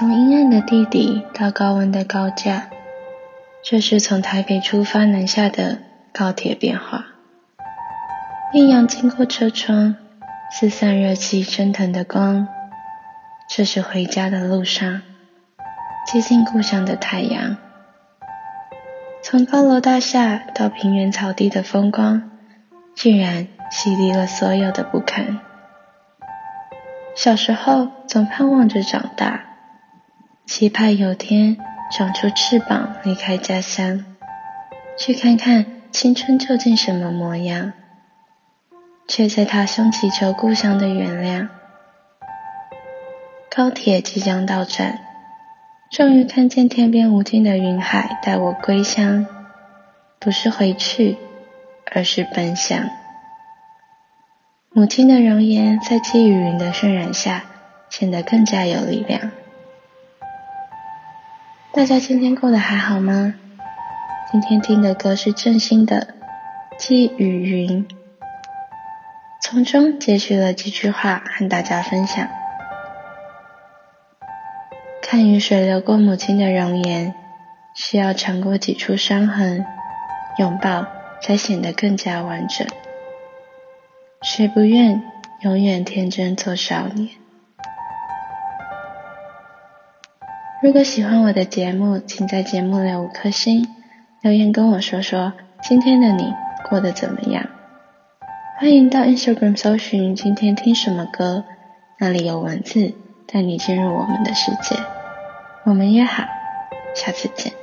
從陰暗的地底到高溫的高架，這是從台北出發南下的高鐵變化。艷陽經過車窗，四散熱氣蒸騰的光，這是回家的路上，接近故鄉的太陽。從高樓大廈到平原草地的風光，竟然洗滌了所有的不堪。小時候總盼望着長大。期盼有天長出翅膀，離開家鄉，去看看青春究竟什麼模樣。卻在他鄉祈求故鄉的原諒。高鐵即將到站，終於看見天邊無盡的雲海，帶我歸鄉。不是回去，而是奔向。母親的容顏在積雨雲的渲染下，顯得更加有力量。大家今天過得還好嗎？今天聽的歌是鄭興的《寄雨雲》，從中截取了幾句話和大家分享。看雨水流過母親的容顏，需要嘗過幾處傷痕，擁抱才顯得更加完整。誰不願永遠天真做少年？如果喜歡我的節目，請在節目內五顆星留言，跟我說說今天的你過得怎麼樣。歡迎到 Instagram 搜尋今天聽什麼歌，那裡有文字帶你進入我們的世界。我們約好，下次見。